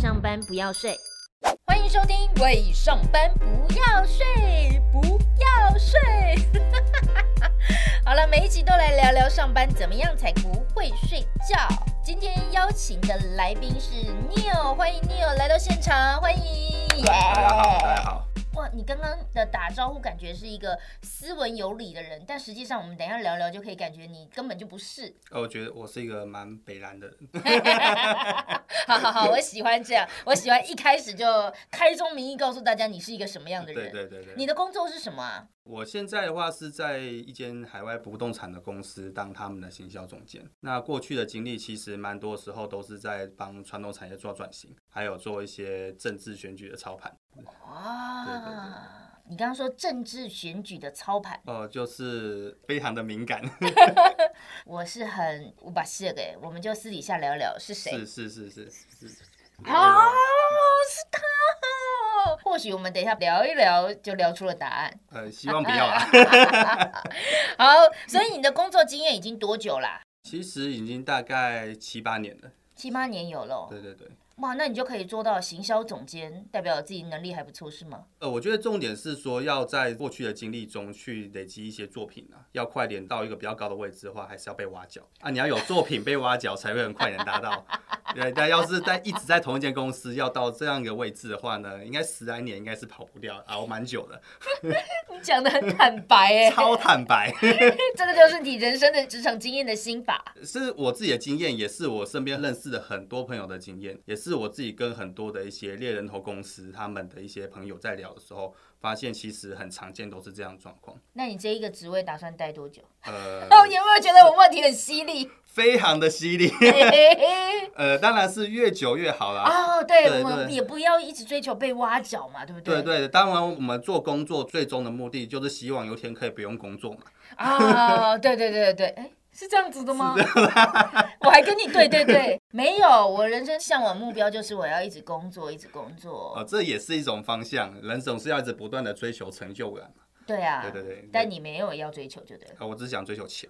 上班不要睡，歡迎收聽《位上班不要睡，不要睡。》 好了，每一集都來聊聊上班怎麼樣才不會睡覺。今天邀請的來賓是 Neil，歡迎 Neil 來到現場，歡迎。大家好，大家好。你剛剛的打招呼感覺是一個斯文有禮的人，但實際上我們等一下聊聊就可以感覺你根本就不是。我覺得我是一個蠻北爛的人。 好好好，我喜歡這樣，我喜歡一開始就開宗明義告訴大家你是一個什麼樣的人。對對對對。你的工作是什麼啊？我現在的話是在一間海外不動產的公司當他們的行銷總監。那過去的經歷其實蠻多時候都是在幫傳統產業做轉型，還有做一些政治選舉的操盤。哇！對對對對，你剛剛說政治選舉的操盤，哦、呃，就是非常的敏感。 我是很不怕事的，我們就私底下聊聊是誰？是是是是是。 oh, 是他。或許我們等一下聊一聊，就聊出了答案。呃，希望不要啦。 好，所以你的工作經驗已經多久啦、啊？其實已經大概七八年了。七八年有囉。對對對。哇，wow, 那你就可以做到行銷總監，代表自己能力還不錯，是嗎？呃，我覺得重點是說要在過去的經歷中去累積一些作品啊。要快點到一個比較高的位置的話，還是要被挖角啊。你要有作品被挖角，才會很快點達到 對。但要是在一直在同一間公司， 要到這樣一個位置的話呢，應該十來年應該是跑不掉了，熬、啊、蠻久的。 你講得很坦白哎、欸，超坦白，這個就是你人生的職場經驗的心法，是我自己的經驗，也是我身邊認識的很多朋友的經驗，也是。是我自己跟很多的一些獵人頭公司，他們的一些朋友在聊的時候，發現其實很常見都是這樣狀況。那你這一個職位打算待多久？呃、哦、你有沒有覺得我問題很犀利？非常的犀利。 呃，當然是越久越好啦。哦，對，對我們也不要一直追求被挖角嘛，對不對？對對，當然我們做工作最終的目的就是希望有一天可以不用工作嘛。啊、哦，對對對對對，哎。對是這樣子的嗎？嗎 我還跟你對對對，沒有，我人生向往目標就是我要一直工作，一直工作。啊、哦、這也是一種方向，人總是要一直不斷的追求成就感嘛。對啊，對對對。但你沒有要追求就對了。哦、我只想追求錢。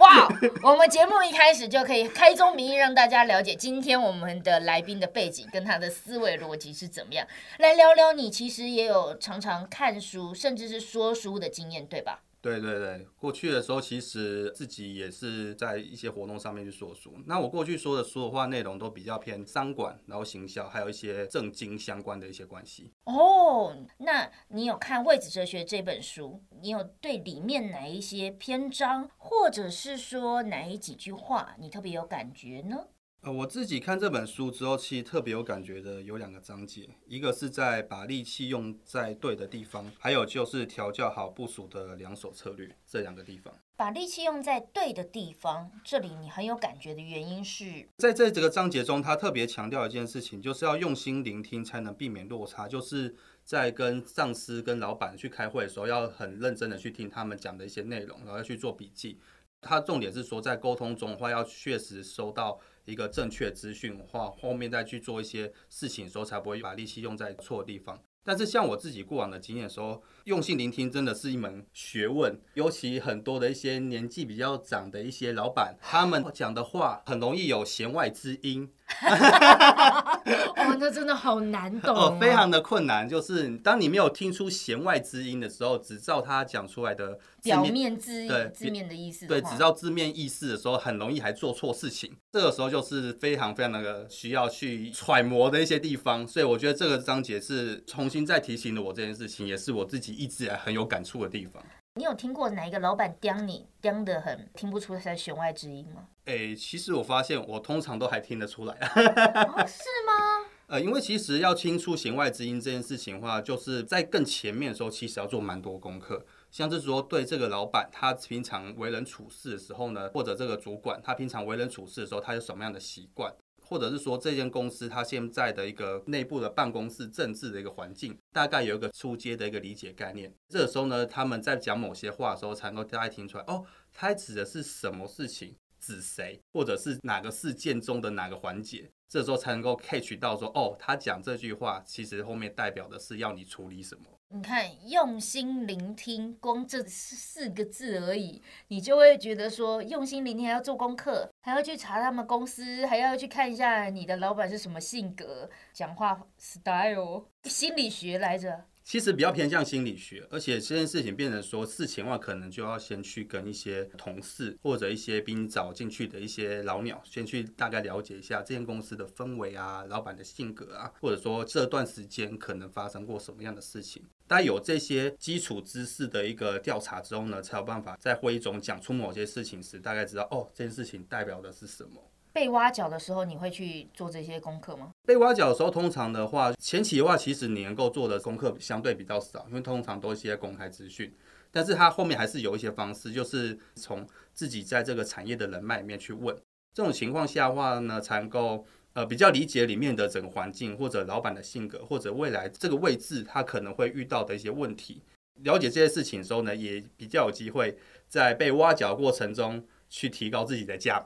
哇 wow, 我們節目一開始就可以開宗明義，讓大家了解今天我們的來賓的背景跟他的思維邏輯是怎麼樣。來聊聊，你其實也有常常看書，甚至是說書的經驗，對吧？對對對，過去的時候其實自己也是在一些活動上面去說書。那我過去說的說的話，內容都比較偏商管，然後行銷，還有一些政經相關的一些關係。哦，oh, 那你有看《位置哲學》這本書？你有對裡面哪一些篇章，或者是說哪幾句話，你特別有感覺呢？呃，我自己看這本書之後，其實特別有感覺的有兩個章節，一個是在把力氣用在對的地方，還有就是調教好部署的兩手策略這兩個地方。把力氣用在對的地方，這裡你很有感覺的原因是，在這個章節中，他特別強調一件事情，就是要用心聆聽才能避免落差。就是在跟上司、跟老闆去開會的時候，要很認真的去聽他們講的一些內容，然後要去做筆記。他重點是說，在溝通中的話，要確實收到。一個正確資訊話，話後面再去做一些事情的時候，才不會把力氣用在錯的地方。但是像我自己過往的經驗的時候，說。用心聆聽真的是一門學問，尤其很多的一些年紀比較長的一些老板，他們講的話很容易有弦外之音。哇， 哦，那真的好難懂啊。哦，非常的困難。就是當你沒有聽出弦外之音的時候，只照他講出來的字面、表面之音，對字面的意思的，對，只照字面意思的時候，很容易還做錯事情。這個時候就是非常非常的需要去揣摩的一些地方。所以我覺得這個章節是重新再提醒了我這件事情，也是我自己。一直很有感觸的地方。你有聽過哪一個老板刁你刁的很，聽不出他的弦外之音嗎？誒、欸，其實我發現我通常都還聽得出來。 哦、是嗎？呃，因為其實要聽出弦外之音這件事情的話，就是在更前面的時候，其實要做蠻多功課。像是說對這個老板，他平常為人處事的時候呢，或者這個主管，他平常為人處事的時候，他有什麼樣的習慣？或者是說這間公司它現在的一個內部的辦公室政治的一個環境，大概有一個初階的一個理解概念。這個時候呢，他們在講某些話的時候，才能夠大概聽出來哦，他指的是什麼事情，指誰，或者是哪個事件中的哪個環節。這個時候才能夠 catch 到說，哦，他講這句話其實後面代表的是要你處理什麼。你看，用心聆聽，光這四個字而已，你就會覺得說，用心聆聽還要做功課，還要去查他們公司，還要去看一下你的老闆是什麼性格、講話 style，心理學來着。其實比較偏向心理學，而且這件事情變成說事情的話，可能就要先去跟一些同事或者一些比你早進去的一些老鳥，先去大概了解一下這間公司的氛圍啊，老闆的性格啊，或者說這段時間可能發生過什麼樣的事情。當有這些基礎知識的一個調查之後呢，才有辦法在會議中講出某些事情時，大概知道哦，這件事情代表的是什麼。被挖角的時候，你會去做這些功課嗎？被挖角的時候，通常的話，前期的話，其實你能夠做的功課相對比較少，因為通常都一些公開資訊。但是它後面還是有一些方式，就是從自己在這個產業的人脈裡面去問。這種情況下的話呢，才能夠呃比較理解裡面的整個環境，或者老闆的性格，或者未來這個位置他可能會遇到的一些問題。了解這些事情的時候呢，也比較有機會在被挖角過程中去提高自己的價。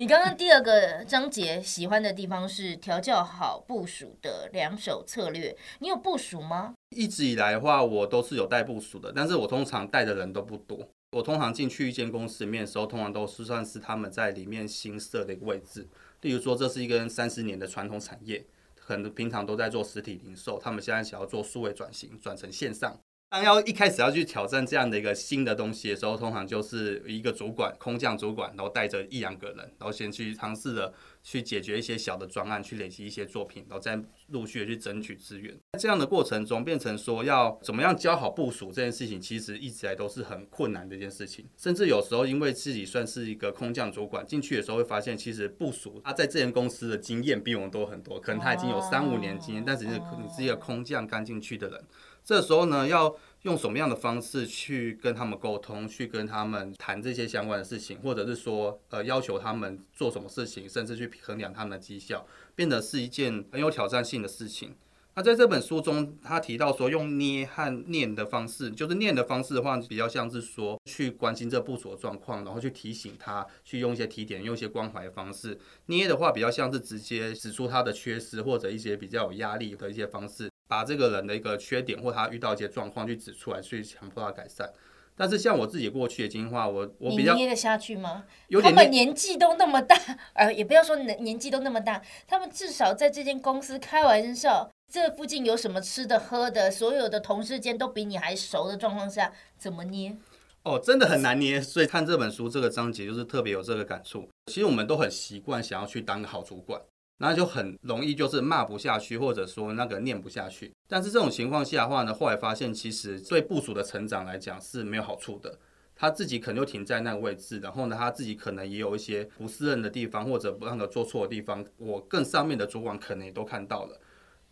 你剛剛第二個章節喜歡的地方是調教好部屬的兩手策略，你有部屬嗎？一直以來的話，我都是有帶部屬的，但是我通常帶的人都不多。我通常進去一間公司裡面的時候，通常都是算是他們在裡面新設的一個位置。例如說，這是一個三十年的傳統產業，可能平常都在做實體零售，他們現在想要做數位轉型，轉成線上。當要一開始要去挑戰這樣的一個新的東西的時候，通常就是一個主管空降主管，然後帶着一兩個人，然後先去嘗試着去解決一些小的專案，去累積一些作品，然後再陸續的去爭取資源。在這樣的過程中，變成說要怎麼樣教好部屬這件事情，其實一直來都是很困難的一件事情。甚至有時候，因為自己算是一個空降主管進去的時候，會發現其實部屬他在這間公司的經驗比我們多很多，可能他已經有三五年經驗，但只是你是一個空降剛進去的人。這時候呢，要用什麼樣的方式去跟他們溝通，去跟他們談這些相關的事情，或者是說，呃，要求他們做什麼事情，甚至去衡量他們的績效，變得是一件很有挑戰性的事情。那在這本書中，他提到說，用捏和念的方式，就是念的方式的話，比較像是說去關心這部屬的狀況，然後去提醒他，去用一些提點，用一些關懷的方式。捏的話，比較像是直接指出他的缺失，或者一些比較有壓力的一些方式。把這個人的一個缺點或他遇到一些狀況去指出來，所以強迫他改善。但是像我自己過去的經歷的話，我我比較捏得下去嗎？他們年紀都那麼大，呃，也不要說年年紀都那麼大，他們至少在這間公司開玩笑，這附近有什麼吃的喝的，所有的同事間都比你還熟的狀況下，怎麼捏？哦，真的很難捏。所以看這本書這個章節就是特別有這個感觸。其實我們都很習慣想要去當個好主管。那就很容易就是罵不下去，或者說那個念不下去。但是這種情況下的話呢，後來發現其實對部署的成長來講是沒有好處的。他自己可能就停在那個位置，然後呢，他自己可能也有一些不適任的地方，或者不讓他做錯的地方，我更上面的主管可能也都看到了。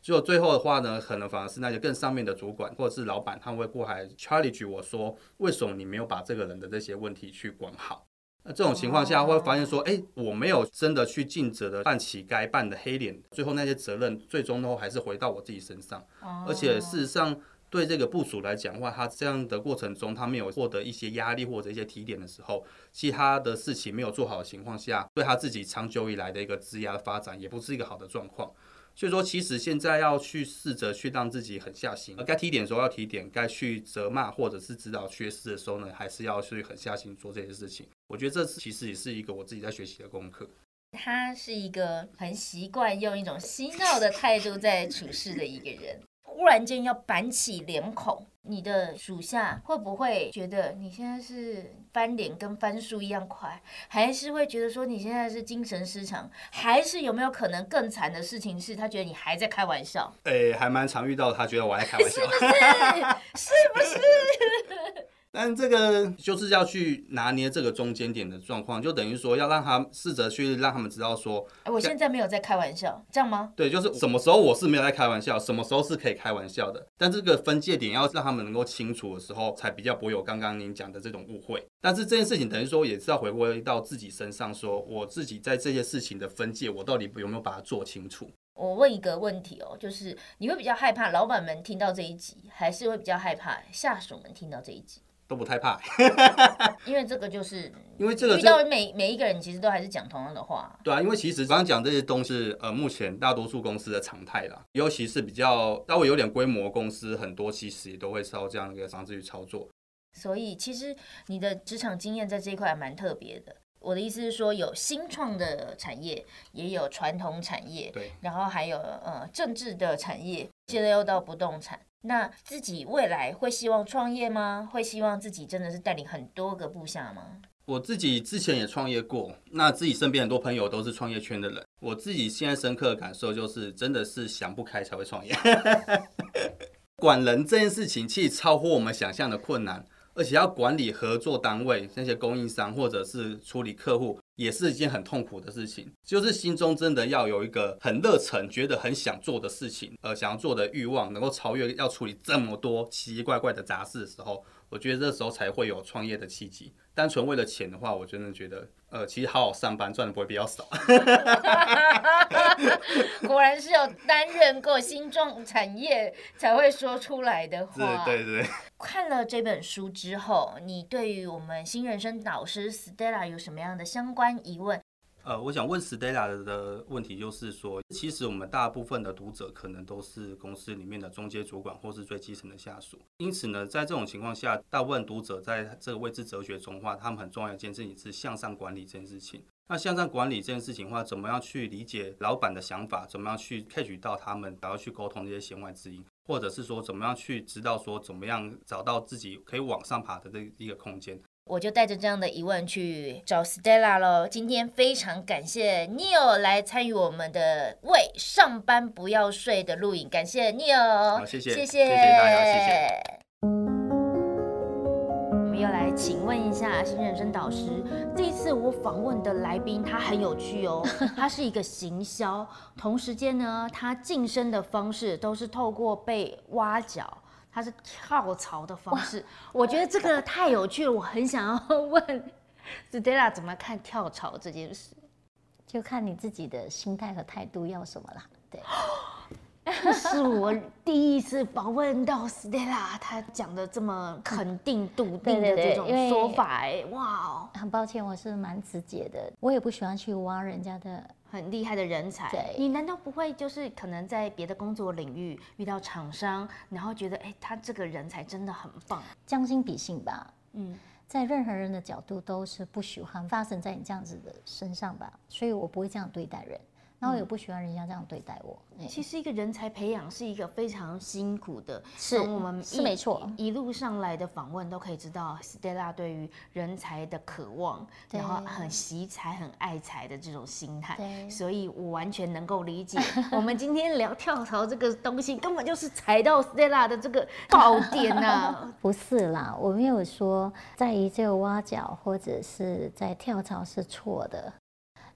只有最後的話呢，可能反而是那些更上面的主管或者是老闆，他們會過來 challenge 我說，為什麼你沒有把這個人的這些問題去管好？那這種情況下，會發現說，誒、欸，我沒有真的去盡責的扮起該扮的黑臉，最後那些責任最終都還是回到我自己身上。而且事實上，對這個部屬來講的話，他這樣的過程中，他沒有獲得一些壓力或者一些提點的時候，其他的事情沒有做好的情況下，對他自己長久以來的一個職涯的發展，也不是一個好的狀況。所以說，其實現在要去試着去讓自己狠下心，而該提點的時候要提點，該去責罵或者是指導缺失的時候呢，還是要去狠下心做這些事情。我覺得這次其實也是一個我自己在學習的功課。他是一個很習慣用一種嬉鬧的態度在處事的一個人，忽然間要板起臉孔。你的屬下會不會覺得你現在是翻臉跟翻書一樣快，還是會覺得說你現在是精神失常，還是有沒有可能更慘的事情是，他覺得你還在開玩笑？誒，還蠻常遇到他覺得我在開玩笑，是不是？是不是？ 但這個就是要去拿捏這個中間點的狀況，就等於說要讓他試着去讓他們知道說，哎，我現在沒有在開玩笑，這樣嗎？對，就是什麼時候我是沒有在開玩笑，什麼時候是可以開玩笑的。但這個分界點要讓他們能夠清楚的時候，才比較不會有剛剛您講的這種誤會。但是這件事情等於說，也是要回歸到自己身上說，說我自己在這些事情的分界，我到底有沒有把它做清楚？我問一個問題哦，就是你會比較害怕老闆們聽到這一集，還是會比較害怕下屬們聽到這一集？都不太怕， 因為這個就是，因為這個就遇到每每一個人其實都還是講同樣的話。對啊，因為其實剛剛講這些東西，呃，目前大多數公司的常態啦，尤其是比較稍微有點規模公司，很多其實也都會靠這樣一個方式去操作。所以其實你的職場經驗在這一塊還蠻特別的。我的意思是說，有新創的產業，也有傳統產業，對，然後還有呃，政治的產業，現在又到不動產。那自己未來會希望創業嗎？會希望自己真的是帶領很多個部下嗎？我自己之前也創業過，那自己身邊很多朋友都是創業圈的人。我自己現在深刻的感受就是，真的是想不開才會創業。 管人這件事情，其實超乎我們想象的困難。而且要管理合作單位、那些供應商，或者是處理客戶，也是一件很痛苦的事情。就是心中真的要有一個很熱忱，覺得很想做的事情，呃，想要做的慾望，能夠超越要處理這麼多奇奇怪怪的雜事的時候。我覺得這時候才會有創業的契機。單純為了錢的話，我真的覺得，呃，其實好好上班賺的不會比較少。 果然是有擔任過新創產業才會說出來的話。對對對。看了這本書之後，你對於我們星人生導師 Stella 有什麼樣的相關疑問？呃，我想問 Stella 的問題就是說，其實我們大部分的讀者可能都是公司裡面的中階主管或是最基層的下屬，因此呢，在這種情況下，大部分讀者在這個位置哲學中的話，他們很重要的一件事情是向上管理這件事情。那向上管理這件事情的話，怎麼樣去理解老闆的想法？怎麼樣去 catch 到他們，然後去溝通這些弦外之音，或者是說怎麼樣去知道說怎麼樣找到自己可以往上爬的這一個空間？我就帶着這樣的疑問去找 Stella 咯。今天非常感謝 Neil 來參與我們的位上班不要睡的錄影，感謝 Neil 謝謝，謝謝，謝謝謝謝。謝謝謝謝，我們又來請問一下星人生導師。這一次我訪問的來賓他很有趣哦，他是一個行銷， 同時間呢，他晉升的方式都是透過被挖角。他是跳槽的方式，哇我覺得這個太有趣了，哇我很想要問 s t 哇拉怎麼看跳槽這件事。就看你自己的心態和態度要什麼啦。對，這是我第一次訪問到 s t 拉，他講的這麼肯定篤定的這種說法，欸，哎，哇！很抱歉，我是蠻直接的，我也不喜歡去挖人家的。很厲害的人才對，你難道不會就是可能在別的工作領域遇到廠商，然後覺得哎、欸，他這個人才真的很棒。將心比心吧，嗯，在任何人的角度都是不喜歡發生在你這樣子的身上吧，所以我不會這樣對待人。然後也不喜歡人家這樣對待我。其實一個人才培養是一個非常辛苦的，是，我們是沒錯。一路上來的訪問都可以知道，Stella 對於人才的渴望，對然後很惜才、很愛才的這種心態，對所以我完全能夠理解。我們今天聊跳槽這個東西，根本就是踩到 Stella 的這個高點吶。不是啦，我沒有說在意這個挖角，或者是在跳槽是錯的。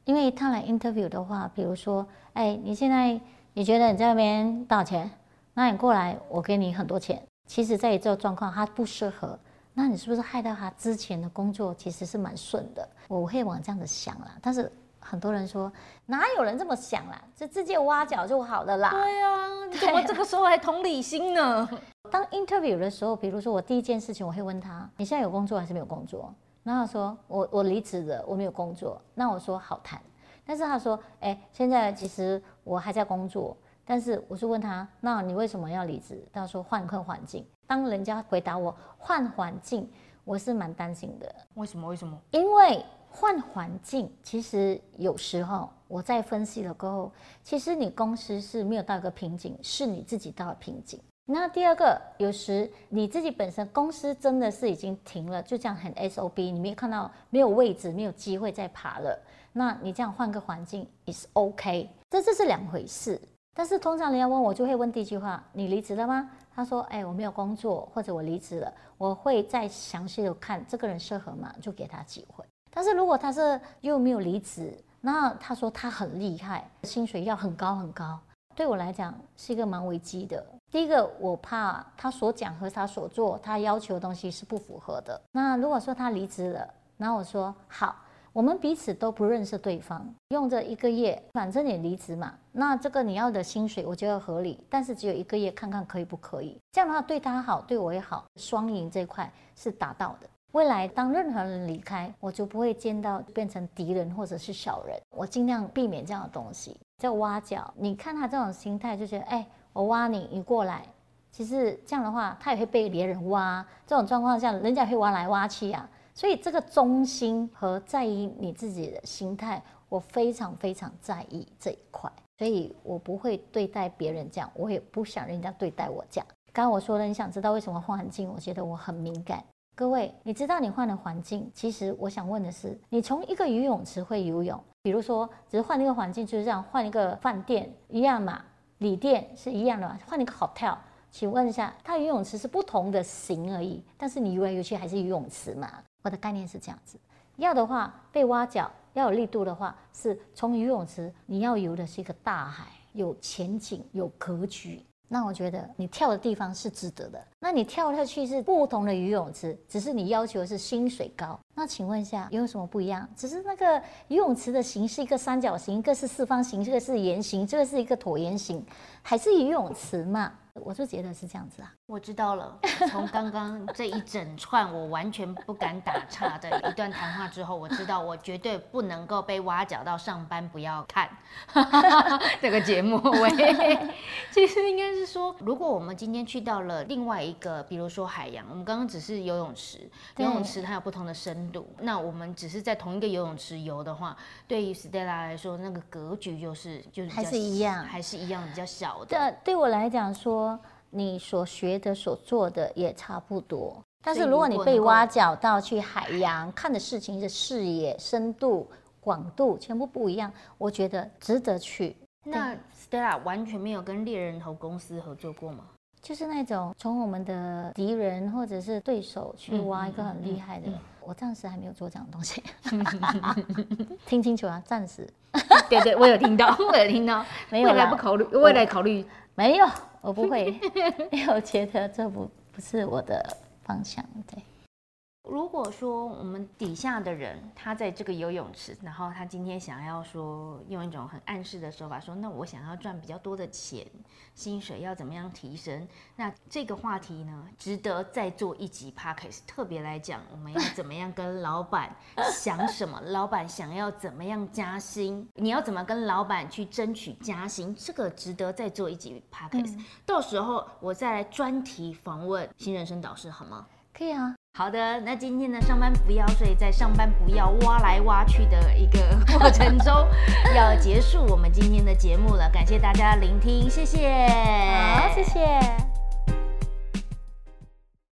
因為他來 interview 的話，比如說，哎，你現在你覺得你在外面多少錢？那你過來，我給你很多錢。其實在這個狀況他不適合，那你是不是害到他之前的工作其實是蠻順的？我會往這樣子想啦。但是很多人說，哪有人這麼想啦？就直接挖角就好了啦。對啊，你怎麼這個時候還同理心呢？對啊、 當 interview 的時候，比如說我第一件事情，我會問他：你現在有工作還是沒有工作？然後他說，我我離職了，我沒有工作。那我說好談，但是他說，哎，現在其實我還在工作，但是我是問他，那你為什麼要離職？他說換一換環境。當人家回答我換環境，我是蠻擔心的。為什麼？為什麼？因為換環境，其實有時候我在分析了過後，其實你公司是沒有到一個瓶頸，是你自己到了瓶頸。那第二個，有時你自己本身公司真的是已經停了，就這樣很 SOB，你沒有看到沒有位置，沒有機會再爬了。那你這樣換個環境也是 OK，這這是兩回事。但是通常人家問我就會問第一句話：“你離職了嗎？”他說：“哎，我沒有工作，或者我離職了。”我會再詳細的看這個人適合嗎，就給他機會。但是如果他是又沒有離職，那他說他很厲害，薪水要很高很高，對我來講是一個蠻危機的。第一個，我怕他所講和他所做，他要求的東西是不符合的。那如果說他離職了，那我說好，我們彼此都不認識對方，用這一個月，反正你離職嘛，那這個你要的薪水，我覺得合理，但是只有一個月，看看可以不可以。這樣的話對他好，對我也好，雙贏這塊是達到的。未來當任何人離開，我就不會見到變成敵人或者是小人，我儘量避免這樣的東西。叫挖角，你看他這種心態就覺得，哎、欸，我挖你，你過來。其實這樣的話，他也會被別人挖。這種狀況下，人家會挖來挖去啊。所以這個中心和在於你自己的心態，我非常非常在意這一塊。所以我不會對待別人這樣，我也不想人家對待我這樣。剛剛我說了，你想知道為什麼換環境？我覺得我很敏感。各位，你知道你換的環境？其實我想問的是，你從一個游泳池會游泳，比如說只是換一個環境就是這樣，換一個飯店一樣嘛，旅店是一樣的嘛，換一個 hotel，請問一下，它游泳池是不同的形而已，但是你游來游去還是游泳池嘛？我的概念是這樣子，要的話被挖角，要有力度的話，是從游泳池你要游的是一個大海，有前景、有格局，那我覺得你跳的地方是值得的。那你跳下去是不同的游泳池，只是你要求是薪水高。那請問一下，有,有什麼不一樣？只是那個游泳池的形是一個三角形，一個是四方形，這個是圓形，這個是一個橢圓形，還是游泳池嘛？我就覺得是這樣子啊。我知道了。從剛剛這一整串我完全不敢打岔的一段談話之後，我知道我絕對不能夠被挖角到上班，不要看 這個節目。喂， 其實應該是說，如果我們今天去到了另外一。一個，比如說海洋，我們剛剛只是游泳池，對游泳池它有不同的深度。那我們只是在同一個游泳池游的話，對於 Stella 來說，那個格局就是就是還是一樣，還是一樣比較小的。對，對我來講說，你所學的、所做的也差不多。但是如果你被挖角到去海洋，看的事情的視野、深度、廣度全部不一樣，我覺得值得去。那 Stella 完全沒有跟獵人頭公司合作過嗎？就是那種從我們的敵人或者是對手去挖一個很厲害的，我暫時還沒有做這樣的東西。 聽清楚啊，暫時。 對對對，我有聽到，我有聽到。沒有。未來不考慮，未來考慮沒有，我不會。因為我覺得這不不是我的方向，對。如果說我們底下的人，他在這個游泳池，然後他今天想要說，用一種很暗示的手法說，那我想要賺比較多的錢，薪水要怎麼樣提升？那這個話題呢，值得再做一集 Podcast 特別來講，我們要怎麼樣跟老板想什麼？老板想要怎麼樣加薪？你要怎麼跟老板去爭取加薪？這個值得再做一集 Podcast，到時候我再來專題訪問星人生導師好嗎？可以啊，好的，那今天呢，上班不要睡，在上班不要挖來挖去的一個過程中， 要結束我們今天的節目了，感謝大家聆聽，謝謝，好、哎哎，謝謝。